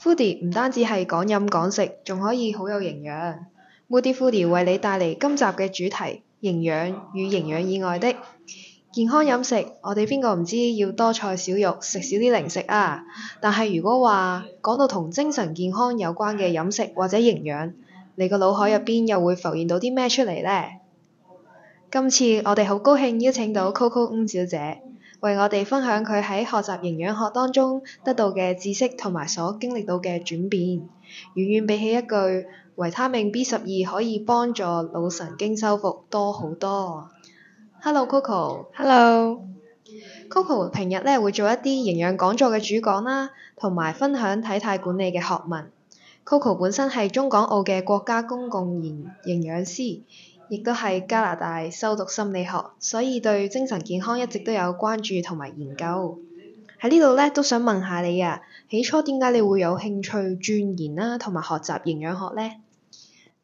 Foodie 唔單止係講飲講食，仲可以好有營養。Moodie Foodie 為你帶嚟今集嘅主題：營養與營養以外的。健康飲食，我哋邊個唔知要多菜少肉，食少啲零食啊？但係如果話講到同精神健康有關嘅飲食或者營養，你個腦海入邊又會浮現到啲咩出嚟呢？今次我哋好高興邀請到 Coco Ng 小姐。為我哋分享佢喺學習營養學當中得到嘅知識同埋所經歷到嘅轉變，遠遠比起一句維他命 B 十二可以幫助腦神經修復多好多。Hello，Coco。Hello，Coco 平日咧會做一啲營養講座嘅主講啦，同埋分享體態管理嘅學問。Coco 本身係中港澳嘅國家公共營營養師。亦都係加拿大修讀心理學，所以對精神健康一直都有關注同埋研究。喺呢度咧，都想問下你啊，起初點解你會有興趣鑽研啦，同埋學習營養學咧？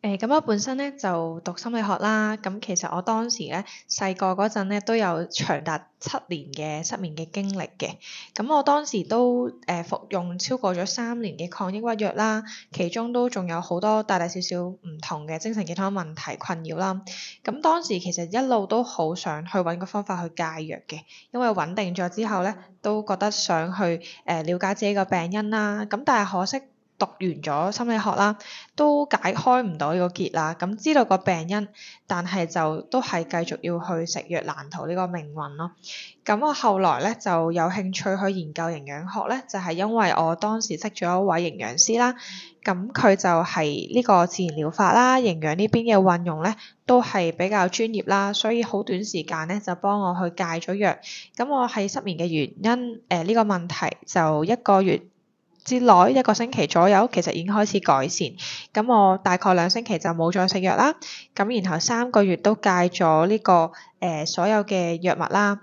誒咁啊，嗯、我本身咧就讀心理學啦。咁、嗯、其實我當時咧細個嗰陣咧都有長達七年嘅失眠嘅經歷嘅。咁、嗯、我當時都誒、呃、服用超過咗三年嘅抗抑鬱藥啦，其中都仲有好多大大小小唔同嘅精神健康問題困擾啦。咁、嗯嗯、當時其實一路都好想去揾個方法去戒藥嘅，因為穩定咗之後咧都覺得想去誒瞭、呃、解自己個病因啦。咁、嗯、但係可惜。讀完咗心理學啦，都解開唔到呢個結啦。咁知道個病因，但係就都係繼續要去食藥難逃呢個命運咯。咁我後來咧就有興趣去研究營養學咧，就係因為我當時識咗一位營養師啦。咁佢就係呢個自然療法啦，營養呢邊嘅運用咧都係比較專業啦，所以好短時間咧就幫我去戒咗藥。咁我係失眠嘅原因，誒呢個問題就一個月，之內一個星期左右，其實已經開始改善。咁我大概兩星期就冇再食藥啦。咁然後三個月都戒咗呢、呢個誒、呃、所有嘅藥物啦。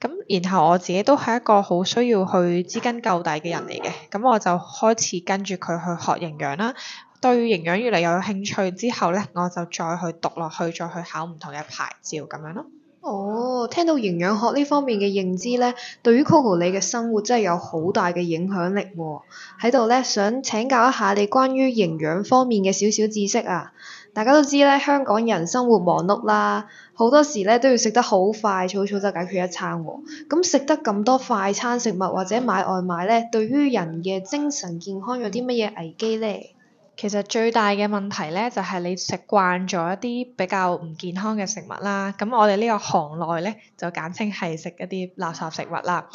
咁然後我自己都係一個好需要去追根究底嘅人嚟嘅。咁我就開始跟住佢去學營養啦。對營養越嚟越有興趣之後咧，我就再去讀落去，再去考唔同嘅牌照咁樣咯。哦，聽到營養學呢方面嘅認知咧，對於 Coco 你嘅生活真係有好大嘅影響力喎、哦。喺度咧，想請教一下你關於營養方面嘅少少知識啊。大家都知咧，香港人生活忙碌啦，好多時咧都要食得好快，草草就解決一餐、喎。咁食得咁多快餐食物或者買外賣咧，對於人嘅精神健康有啲乜嘢危機咧？其實最大嘅問題咧，就係你食慣咗一啲比較唔健康嘅食物啦。咁我哋呢個行內咧，就簡稱係食一啲垃圾食物啦。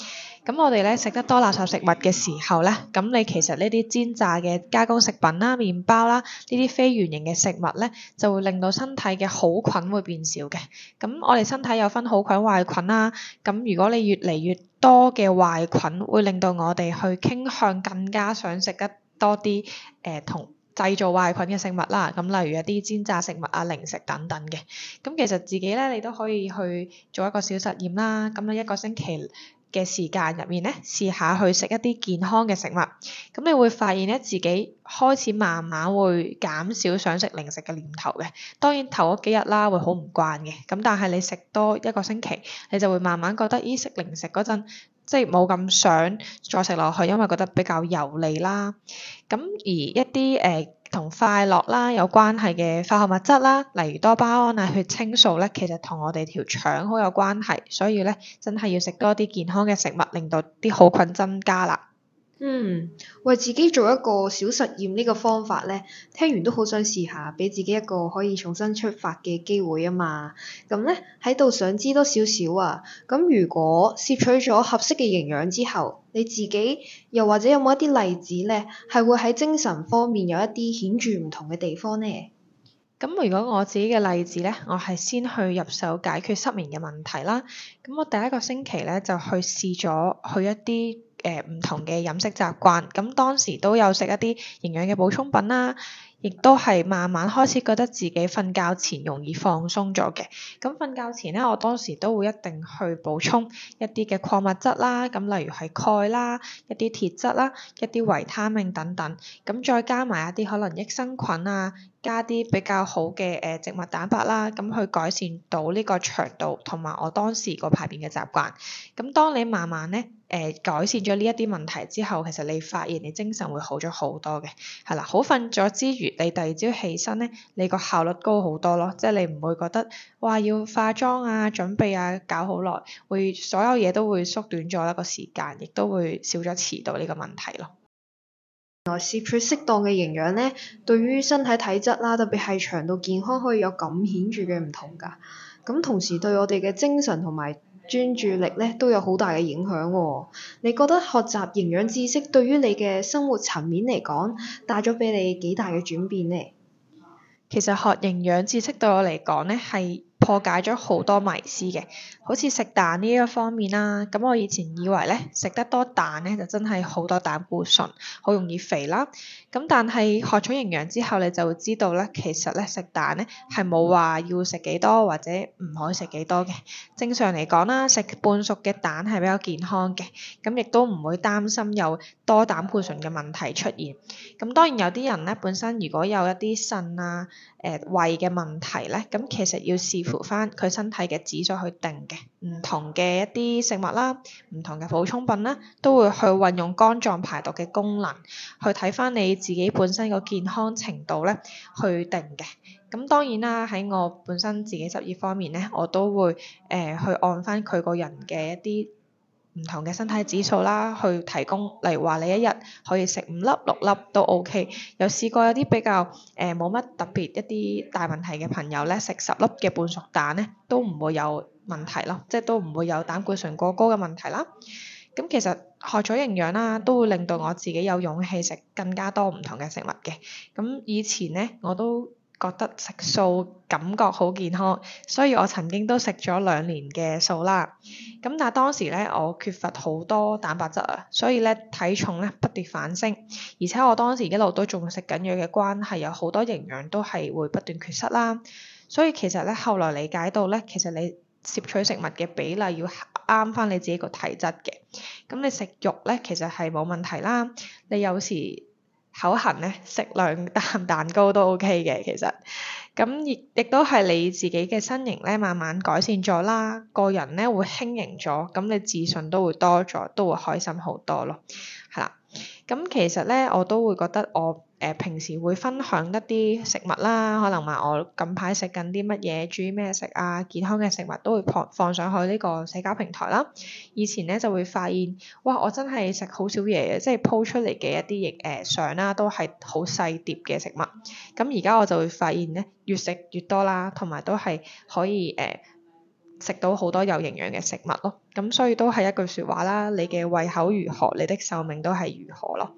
咁我哋咧食得多垃圾食物嘅時候咧，咁你其實呢啲煎炸嘅加工食品啦、麵包啦呢啲非原形嘅食物咧，就會令到身體嘅好菌會變少嘅。咁我哋身體有分好菌壞菌啦。咁如果你越嚟越多嘅壞菌，會令到我哋去傾向更加想食得多啲誒、呃、同製造壞菌嘅食物啦，咁例如一啲煎炸食物啊、零食等等嘅，咁其實自己咧，你都可以去做一個小實驗啦，咁你一個星期嘅時間入面咧，試下去食一啲健康嘅食物，咁你會發現咧，自己開始慢慢會減少想食零食嘅念頭嘅，當然頭嗰幾日啦會好唔慣嘅，咁但係你食多一個星期，你就會慢慢覺得，咦，食零食嗰陣。即係冇咁想再食落去，因為覺得比較油膩啦。咁而一啲誒同快樂啦有關係嘅化學物質啦，例如多巴胺啊、血清素咧，其實同我哋條腸好有關係，所以咧真係要食多啲健康嘅食物，令到啲好菌增加啦。嗯，為自己做一個小實驗，呢個方法咧，聽完都好想試下，俾自己一個可以重新出發嘅機會啊嘛。咁咧喺度想知多少少啊。咁如果攝取咗合適嘅營養之後，你自己又或者有冇一啲例子咧，係會喺精神方面有一啲顯著唔同嘅地方咧？咁如果我自己嘅例子咧，我係先去入手解決失眠嘅問題啦。咁我第一個星期咧就去試咗去一啲。誒唔同嘅飲食習慣，咁當時都有食一啲營養嘅補充品啦，亦都係慢慢開始覺得自己瞓覺前容易放鬆咗嘅。咁瞓覺前咧，我當時都會一定去補充一啲嘅礦物質啦，咁例如係鈣啦，一啲鐵質啦，一啲維他命等等，咁再加埋一啲可能益生菌啊，加啲比較好嘅誒植物蛋白啦，咁去改善到呢個腸道同埋我當時個排便嘅習慣。咁當你慢慢咧。誒、呃、改善咗呢一啲問題之後，其實你發現你精神會好咗好多嘅係啦，好瞓咗之餘，你第二朝起身咧，你個效率高好多咯，即係你唔會覺得哇要化妝啊、準備啊搞好耐，會所有嘢都會縮短咗一個時間，亦都會少咗遲到呢個問題咯。原來攝取適當嘅營養咧，對於身體體質啦、啊，特別係腸道健康，可以有咁顯著嘅唔同㗎。咁同時對我哋嘅精神同埋。專注力咧都有好大嘅影響喎、哦，你覺得學習營養知識對於你嘅生活層面嚟講，帶咗俾你幾大嘅轉變呢？其實學營養知識對我嚟講咧係，破解咗好多迷思嘅，好似食蛋呢一方面啦，咁我以前以為咧食得多蛋咧就真係好多膽固醇，好容易肥啦。咁但係學咗營養之後，你就會知道咧，其實咧食蛋咧係冇話要食幾多或者唔可以食幾多嘅。正常嚟講啦，食半熟嘅蛋係比較健康嘅，咁亦都唔會擔心有多膽固醇嘅問題出現。咁當然有啲人咧本身如果有一啲腎啊、誒、呃、胃嘅問題咧，咁其實要視乎翻佢身體嘅指數去定嘅，唔同嘅一啲食物啦，唔同嘅補充品啦，都會去運用肝臟排毒嘅功能，去睇翻你自己本身個健康程度咧去定嘅。咁當然啦，喺我本身自己執業方面咧，我都會誒、呃、去按翻佢個人嘅一啲唔同嘅身體指數啦，去提供，例如話你一日可以食五粒六粒都 OK，有試過有啲比較誒冇乜特別一啲大問題嘅朋友咧，食十粒嘅半熟蛋咧都唔會有問題咯，即係都唔會有膽固醇過高嘅問題啦。咁、嗯、其實學咗營養啦，都會令到我自己有勇氣食更加多唔同嘅食物嘅。咁、嗯、以前咧我都。覺得食素感覺好健康，所以我曾經都食咗兩年嘅素啦。咁但係當時咧，我缺乏好多蛋白質啊，所以咧體重咧不跌反升，而且我當時一路都仲食緊藥嘅關係，有好多營養都係會不斷缺失啦。所以其實咧，後來理解到咧，其實你攝取食物嘅比例要啱翻你自己個體質嘅。咁你食肉咧，其實係冇問題啦。你有時。口痕咧食兩啖蛋糕都 OK 嘅，其實咁亦、嗯、亦都係你自己嘅身形咧，慢慢改善咗啦。個人咧會輕盈咗，咁、嗯、你自信都會多咗，都會開心好多咯。係啦，咁其實咧我都會覺得我。誒平時會分享一啲食物啦，可能話我近排食緊啲乜嘢，煮咩食啊，健康嘅食物都會放放上去呢個社交平台啦。以前咧就會發現，哇！我真係食好少嘢嘅，即係鋪出嚟嘅一啲影相啦，呃、都係好細碟嘅食物。咁而家我就會發現咧，越食越多啦，同埋都係可以誒食、呃、到好多有營養嘅食物咯。咁所以都係一句説話啦，你嘅胃口如何，你的壽命都係如何咯。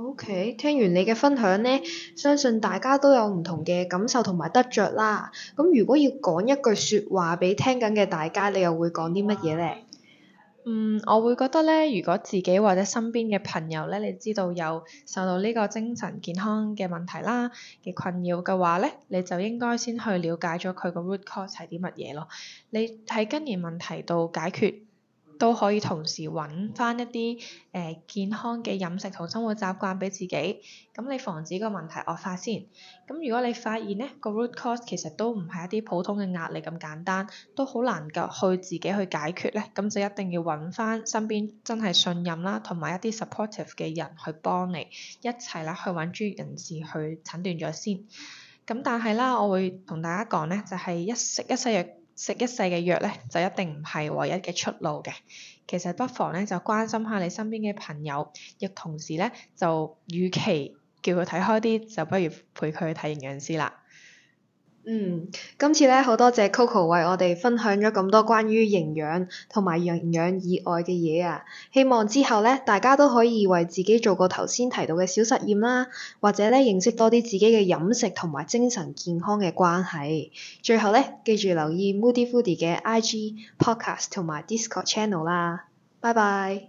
OK，聽完你嘅分享呢，相信大家都有唔同嘅感受同埋得着啦。咁如果要講一句説話俾聽緊嘅大家，你又會講啲乜嘢咧？嗯，我會覺得咧，如果自己或者身邊嘅朋友咧，你知道有受到呢個精神健康嘅問題啦嘅困擾嘅話咧，你就應該先去了解咗佢個 root cause 係啲乜嘢咯。你喺根源問題度解決。都可以同時揾翻一啲誒、呃、健康嘅飲食同生活習慣俾自己，咁你防止個問題惡化先。咁如果你發現咧，那個 root cause 其實都唔係一啲普通嘅壓力咁簡單，都好難夠去自己去解決咧，咁就一定要揾翻身邊真係信任啦，同埋一啲 supportive 嘅人去幫你一齊啦，去揾專業人士去診斷咗先。咁但係啦，我會同大家講咧，就係、是、一食一世。食一世嘅藥咧，就一定唔係唯一嘅出路嘅。其實不妨咧，就關心下你身邊嘅朋友，亦同時咧就與其叫佢睇開啲，就不如陪佢去睇營養師啦。嗯，今次咧好多謝 Coco 為我哋分享咗咁多關於營養同埋營養以外嘅嘢啊！希望之後咧大家都可以為自己做個頭先提到嘅小實驗啦，或者咧認識多啲自己嘅飲食同埋精神健康嘅關係。最後咧，記住留意 Moodie Foodie 嘅 I G Podcast 同埋 Discord Channel 啦，拜拜。